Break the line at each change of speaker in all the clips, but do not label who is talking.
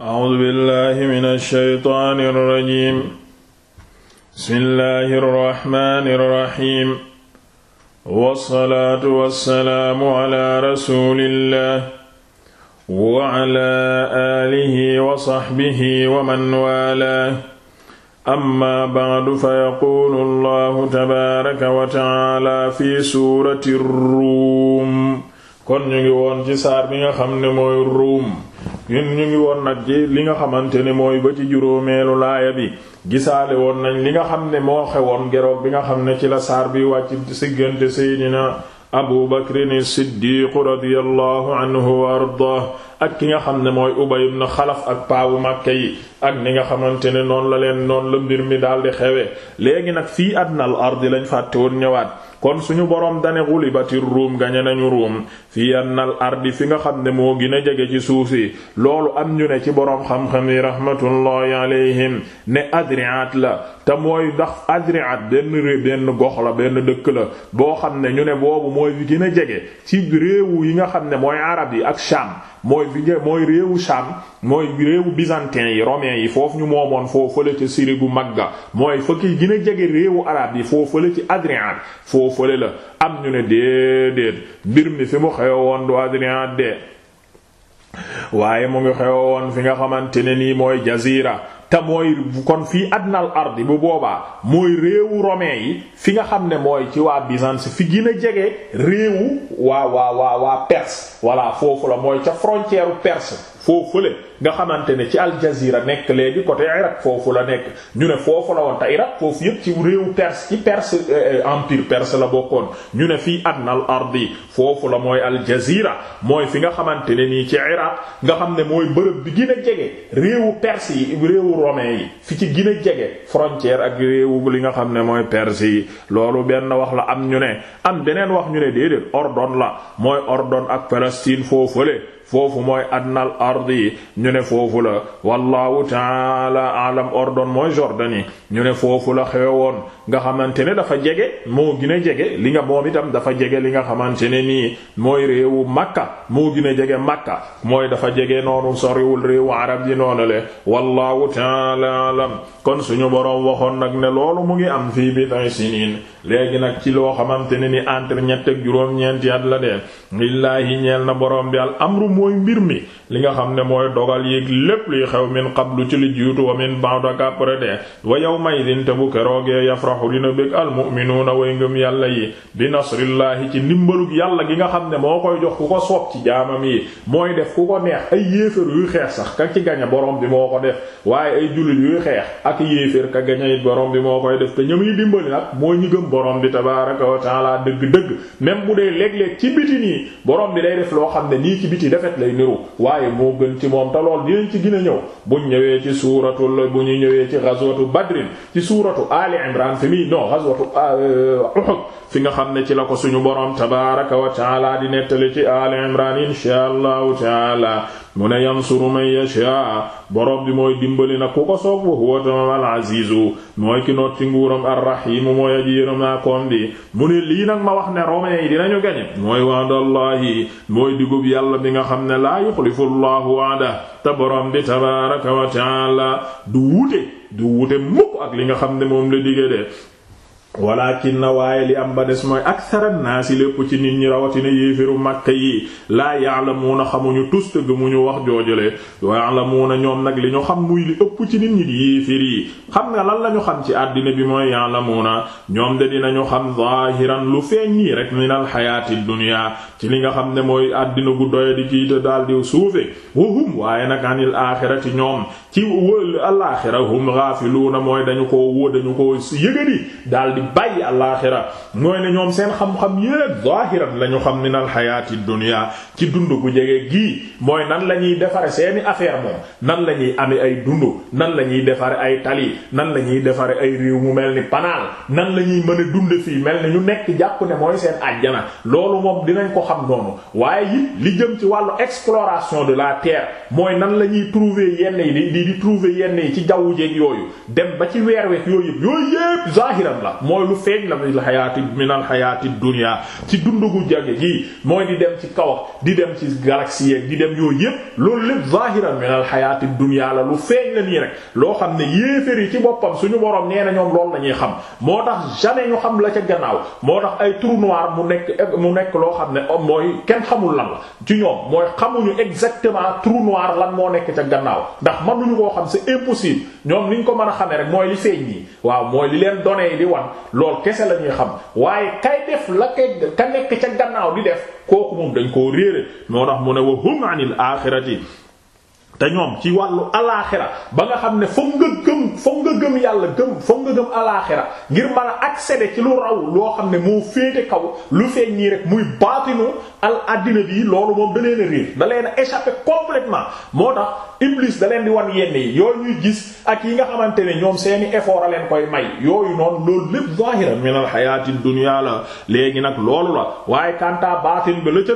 A'uuzu billaahi mina shaytaani rajiim. Bismillaahi rahmaani rahiim. Wa salaatu wa salaamu ala rasuulillaah wa ala aalihi wa sahbihi wa man waalaah. Amma ba'du fa yaquulu Allaahu tabaaraka wa ta'aalaa fi suurati Ruum. Kon ñu ngi woon ci saar bi nga xam ne mooy Ruum. ñun ñu ngi woon nag ci li nga xamante ne mooy ba ci juróomeelu laaya bi gisaale woon nañ li nga xam ne moo xewoon geroog bi nga xam ne ci la saar bi wàcc siggante seydina abu bakrin siddiiqu radiyallahu anhu wa ardaah ak ki nga xam ne mooy Ubay na Xalaf ak paawu Màkka yi ak ni nga xamante ne noonu la leen noonu la mbir mi daal di xewee léegi nag fii adnal ardi lañ fàtte woon ñëwaat kon suñu boroom dane xulibati ruum gañe nañu ruum fi annal ardi fi nga xam ne moo gin a jege ci suuf si loolu am ñu ne ci boroom xam-xam yi rahmatullahi alayhim ne adriat la te mooy ndax adriat benn réew benn gox la benn dëkk la boo xam ne ñu ne boobu mooy fi a jege ci réew yi nga xam ne mooy arab yi ak Sham mooy fi nga mooy réewu Sham mooy réewu byzantin yi romain yi foofu ñu moomoon foofu fële ca Syrie gu Magga mooy fa ki a jege réewu arab yi foofu fële foo fële la am ñu ne déedéet mbir mi fi mu xewoon du Adrien de waaye mu ngi xewoon fi nga xamante ne nii mooy jazira te mooy kon fii adnal ardi bu boobaa mooy réewu romain yi fi nga xam ne mooy ci waa Byzance fi gën a jege réewu waa waa waa Perse voilà foofu la mooy ca frontière Perse foofule nga xamante ne ci aljazira nekk léegi côté Irak foofu la nekk ñu ne foofu la woon te Irak foofu yépp ci réew perse ci perse euh, empire perse la bokkoon ñu ne fii adnal ardi foofu la mooy aljazira mooy fi nga xamante ne nii ci Irak nga xam ne mooy bërëb bi gën a jege réewu perse yi réewu romain yi fi ci gën jege frontière ak réewu li nga xam ne mooy perse yi loolu benn wax la am ñu ne am beneen wax ñu ne déedéet Ordon la mooy Ordon ak Palestine ardi ñu ne foofu la wallahu taala alam ordon mooy Jordanie ñu ne foofu la woon nga xamante ne dafa jege moo gën a jege li nga moom itam dafa jege li nga xamante ne nii mooy réewu Makka moo gën a jege Makka mooy dafa jege noonu soriwul réewu arab yi noonu le wallahu taala alam kon suñu borom waxoon nag ne loolu mu ngi am fii bi tay siniin léegi nag ci loo xamante ne ni entre ñett ak juróom-ñeenti at la de lillaahi ñeel na boroom bi al amru mooy mbir mi li nga mooy dogal yéeg lépp luy xew min qablu ci li wa min ba'd ak après de wa yawma idin te bu keroogee yafraxu dina bég almu'minuuna way ngëm yàlla yi bi nasrillaahi ci ndimbalug yàlla gi nga xam ne moo koy jox ku ko soob ci jaamam yi mooy def ku ko neex ay yéefér yuy xeex sax ka ci gañe borom bi moo ko def waaye ay jullit yuy xeex ak yéefér ka gañe it borom bi moo koy def te ñamuy dimbali nag mooy ñu gëm borom bi tabaaraka wa taala dëgg-dëgg même bu dee léeg-léeg ci biti nii borom bi day def loo xam ne nii ci biti defet lay niru moo gën ci moom te lool dinañ ci gën a ñëw buñ ñëwee ci suuratul bu ñu ñëwee ci ghazwatu badrin ci suuratu ali imran fi mi non ghazwatu ah, euh, uhud fi nga xam ne ci la ko suñu borom tabaaraka wa taala di nettali ci ali imran insha allahu taala mu ne yansuru man yasha borom bi mooy dimbali na ku ko soob wa huwa tamam al azizu ki noot ci nguuram arrahimu mooy aji yërëmaakoon bi mu ne lii nag ma wax ne romains yi dinañu gañe mooy waadallahi mooy digub yàlla bi nga xam ne laa yuxlifu llahu waada te borom bi tabaraka wa taala du wuute mukk ak li nga xam ne moom la dige walakin na waaye li am ba des mooy aksara naasi lépp ci nit ñi rawatina yéefiru màkka yi laa na xamuñu tus tëgg mu ñu wax joojale na ñoom nag li ñu xam muy ëpp ci nit ñi di yi xam nga lan la xam ci àddina bi mooy na ñoom de dinañu xam zaahiran lu feeñ nii rek minal xayaati dunya ci li nga xam ne mooy àddina gu doya di kiita daal di suufe wahum waaye nag anil axirati ñoom ci wël al axira hum gaafiluuna mooy dañu ko wóo dañu ko yëgadi di bàyyi alaaxira mooy ne ñoom seen xam-xam yépp zahiran la ñu xam min al xayaati dunya ci dund bu jege gii mooy nan la ñuy defare seeni affaire moom nan la ñuy amee ay dund nan la ñuy defare ay tali nan la ñuy defare ay réew mu mel ni panaal nan la ñuy mën a dunde fii mel ni ñu nekk jàpp ne mooy seen àjjana loolu moom dinañ ko xam noonu waaye it li jëm ci wàllu exploration de la terre mooy nan lañuy trouver yenn yi di di trouver yenn yi ci jaww jeeg yooyu mooy lu feeñ la minal xayaati minal xayaati dunya ci dundu gu jage gi mooy di dem ci kaw di dem ci galaxie di dem yooyu yëpp loolu lépp zahiran minal xayaati dunya la lu feeñ la nii rek loo xam ne yéefér yi ci boppam suñu borom nee na ñoom loolu la xam moo tax jamais ñu xam la ca gannaaw moo tax ay trou noir mu nekk mu nekk loo xam ne mooy kenn xamul lan la ci ñoom mooy xamuñu exactement trou noir lan moo nekk ca gannaaw ndax mënuñu koo xam c'est impossible ñoom ko mën a xamee mooy li lool kese la ñuy xam waaye kay def la ka nekk ca gannaaw di def kooku moom dañ koo réere moo tax mu ne wa hum anil axirati te ñoom ci wàllu alaaxira ba nga xam ne foog nga gëm foog nga gëm yàlla gëm foog nga gëm alaaxira ngir mën ak accéder ci lu raw loo xam ne moo féete kaw lu feeñ nii rek muy baatinu al addina bi loolu moom da leen a réer da leen a échapper complètement moo tax Iblis da leen di wan yenn yi yooyu ñuy gis ak yi nga xamante ne ñoom seeni effort a leen koy may yooyu noonu loolu lépp zahira min al hayatid la léegi nag loolu la waaye kanta baatin ba la ca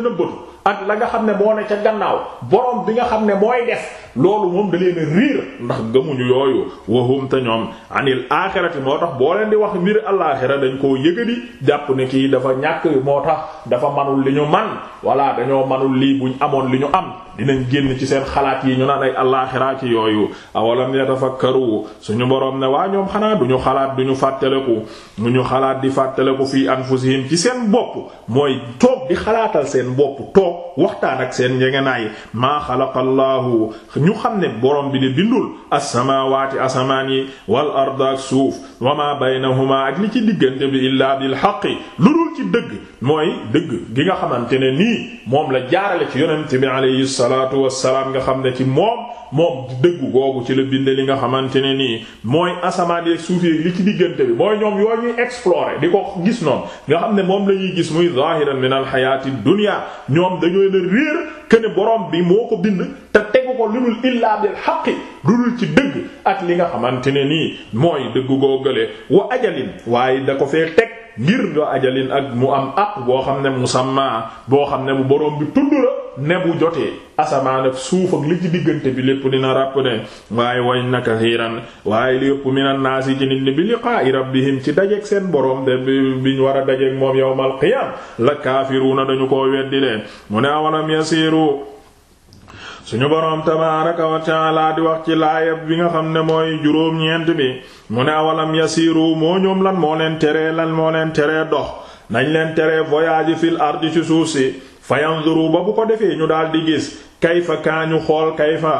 ak la nga xam ne moo ne ca gannaaw borom bi nga xam ne mooy def loolu moom da leen riir ndax gëmuñu yooyu wahum te ñoom anil aaxirati moo tax boo leen di wax mbir alaaxira dañ ko yëgadi jàpp ne kii dafa ñàkk moo tax dafa manul li ñu man walla dañoo manul lii buñ amoon li ñu am dinañ génn ci seen xalaat yi ñu naan ay alaaxira ci yooyu awalam yatafakkaru suñu borom ne waa ñoom xanaa duñu xalaat duñu fàttaleku duñu xalaat di fàttaleku fii anfusihim ci seen bopp mooy toog di xalaatal seen bopp toog waxtaan ak seen njegenaay maa xalaqallaahu ñu xam ne borom bi de bindul as-samaawaati asamaan yi wal arda ak suuf wa maa baynahuma ak li ci diggante bi illaa bil haqqi lu dul ci dëgg mooy dëgg gi nga xamante ne nii moom la jaarale ci yonent bi alayhi salaatu wassalaam nga xam ne ci moom moom dëggu googu ci la bind li nga xamante ne nii mooy asamaan yeeg li ci diggante bi mooy ñoom yoo ñuy di ko gis noonu nga xam ne moom la ñuy gis muy zahiran min al hayati ñoom dañoo na réer kene borom bi moo ko bind te tegu ko lu dul illaa bil haqqi dudul ci dëgg ak li nga xamante ne nii mooy dëgg googale wa ajalin waaye da ngir do ajalin ak mu am àq boo xam ne musamma boo xam ne bu boroom bi tudd la ne bu jotee asamaan ak suuf ak li ci diggante bi lépp dina ràpp ne waaye wañ na kathiran waaye li yëpp minan naasi ci nit ñi bi liqaa'i rabbihim ci dajeek seen borom de biñ war a dajeek moom yawmal qiyaam la kaafiruuna dañu ko weddi de mu ne awalam yasiiru suñu boroom tabaaraka wa taala di wax ci laayab bi nga xam ne mooy juróom-ñeent bi mu ne awalam yasiiru moo ñoom lan moo leen teree lan moo leen teree dox nañ leen teree voyage fil ardi ci suuf si fayanzuru ba bu ko defee ñu daal di gis kayfa kaañu xool kayfa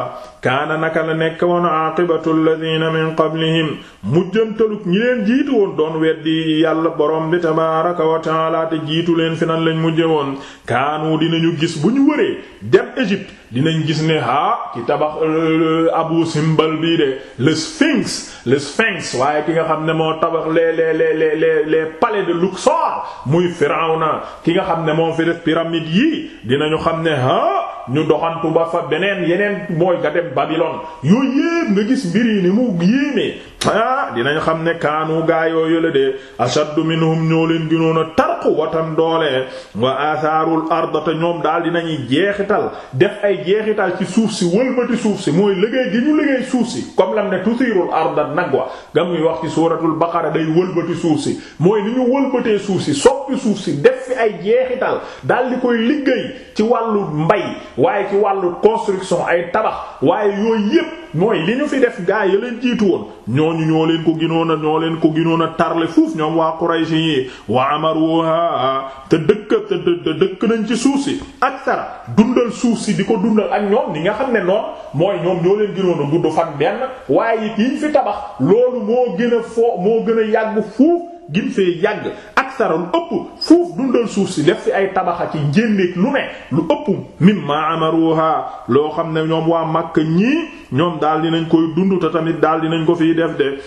kaana naka la nekk woon aqibatu alladina min qablihim mujjantaluk ñi leen jiitu woon doon weddi yàlla borom bi tabaaraka wa te jiitu leen fi nan lañ mujje woon kaanu dinañu gis bu ñu wëree dem Égypte dinañ gis ne haa ki tabax euh, euh, abu simbal bii de le sphinx le sphinx waaye ki nga xam ne moo tabax les les les les les palais de Luxor muy Firawna ki nga xam ne moo fi def pyramide yii dinañu xam ne haa ñu doxantu ba fa beneen yeneen mooy nga dem Babylone yooyu yëpp nga gis mbir yi ni mu yéemee ah dinañ xam ne kaanu gaa yooyu la de ashaddu minhum ñoo leen gënoon a tarqu watan doole wa athaarul arda te ñoom daal dinañuy jeexital def ay jeexital ci suuf si wëlbati suuf si mooy liggéey gi ñu liggéey suuf si comme lam ne tusiirul arda nagwa gam muy wax ci suuratul baqara day wëlbati suuf si mooy ni ñu wëlbatee suuf si soppi suuf si def fi ay jeexital daal di koy liggéey ci wàllu mbay waaye ci wàllu construction ay tabax waaye yooyu yépp mooy li ñu fi def gaa ya leen jiitu woon ñu ñoo leen ko ginoon ñoo leen ko ginoon a tarle fuuf ñoom waa Quraysh yi wa amaruha te dëkk te dëkk nañ ci suuf si ak dundal suuf si di ko dundal ak ñoom ni nga xam ne noonu mooy ñoom ñoo leen ginoon gudd fan benn waaye it yiñ fi tabax loolu moo gën a foo moo gën a yàgg fuuf gin fee yàgg aksaral ëpp fuuf dundal suuf si def fi ay tabaxa ci njéndéeg lu ne lu ëpp mimma amaruha loo xam ne ñoom waa ñii ñoom daal dinañ koy dund te tamit daal nañ ko fiy def de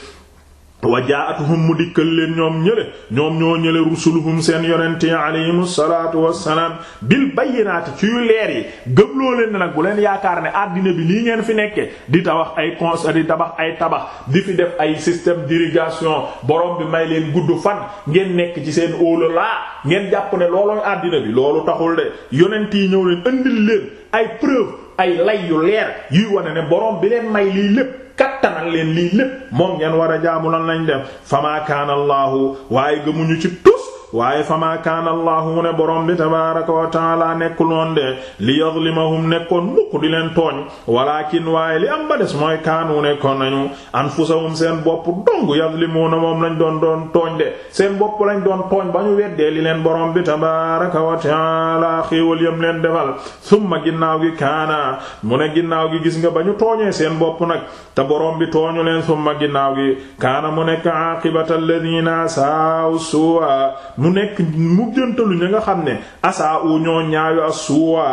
wa jaatuhum mu dikkal leen ñoom ñële ñoom ñoo ñële rusuluhum seen yonente yi alayhim salaatu wassalaam bil bayyinaati ci yu leer yi gëmloo leen nag bu leen yaakaar ne àddina bi lii ngeen fi nekke di tabax ay cons di tabax ay tabax di fi def ay système d'irrigation borom bi may leen gudd fan ngeen nekk ci seen óola laa ngeen jàpp ne loolooy àddina bi loolu taxul de yonent yi ñëw leen andil ay preuve ay lay yu leer yuy wane ne borom bi leen may lii lépp kattanal leen lii lépp moom ngeen war a jaamu nañu lañ def famaa kaana allahu waaye gëmuñu ci tus waaye famaa kaana allahu mu ne borom bi tabaaraka wa taala nekkul woon de li yadlimahum nekkoon mukk di leen tooñ walaakin waaye li am ba des mooy kaanu nekkoon nañu anfusahum seen bopp dong yadlimuuna moom lañ doon doon tooñ de seen bopp lañ doon tooñ ba ñu weddee li leen borom bi tabaaraka wa taala xéewal yam leen defal summa ginnaaw gi kaana mu ne ginnaaw gi gis nga ba ñu tooñee seen bopp nag te borom bi tooñu leen summa ginnaaw gi kaana mu nekk aqibata alladina saaw suwa mu nekk mujjantalu ña nga xam ne asaa u ñoo ñaayu asuwa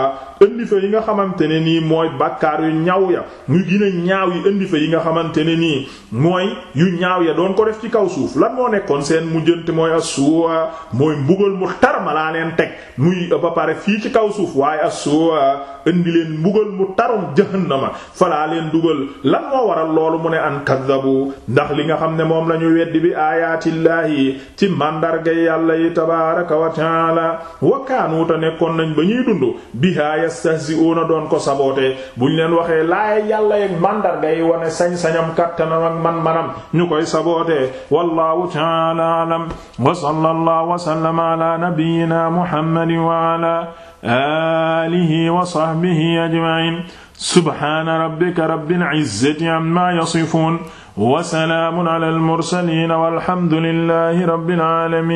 indi fa yi nga xamante ne nii mooy bàkkaar yu ñaaw ya ñu gën ñaaw yi indi fa yi nga xamante ne nii mooy yu ñaaw ya doon ko def ci kaw suuf lan moo nekkoon seen mujjante mooy asuwa mooy mbugal mu tar ma laa leen teg muy ba pare fii ci kaw suuf waaye asuwa indi leen mbugal mu tarum jahannama falaa leen dugal lan moo waral loolu mu ne an kaddabu ndax li nga xam ne moom la ñu weddi bi aayaatillaahi ci màndarga yàlla yi tabaaraka wa taala wa kaanu ta nekkoon nañ ba ñuy yastahzi'una doon ko sabootee buñ leen waxee laay yàlla yeeg mandarga yi wane sañ-sañam kattanam ak man-manam ñu koy sabootee wallahu ta'ala a'lam wa sallallahu wa sallama ala nabiyyina muhammadin wa ala alihi wa sahbihi ajma'in subhana rabbika rabbil izzati amma yasifun wa salamun ala al mursalin walhamdulillahi rabbil alamin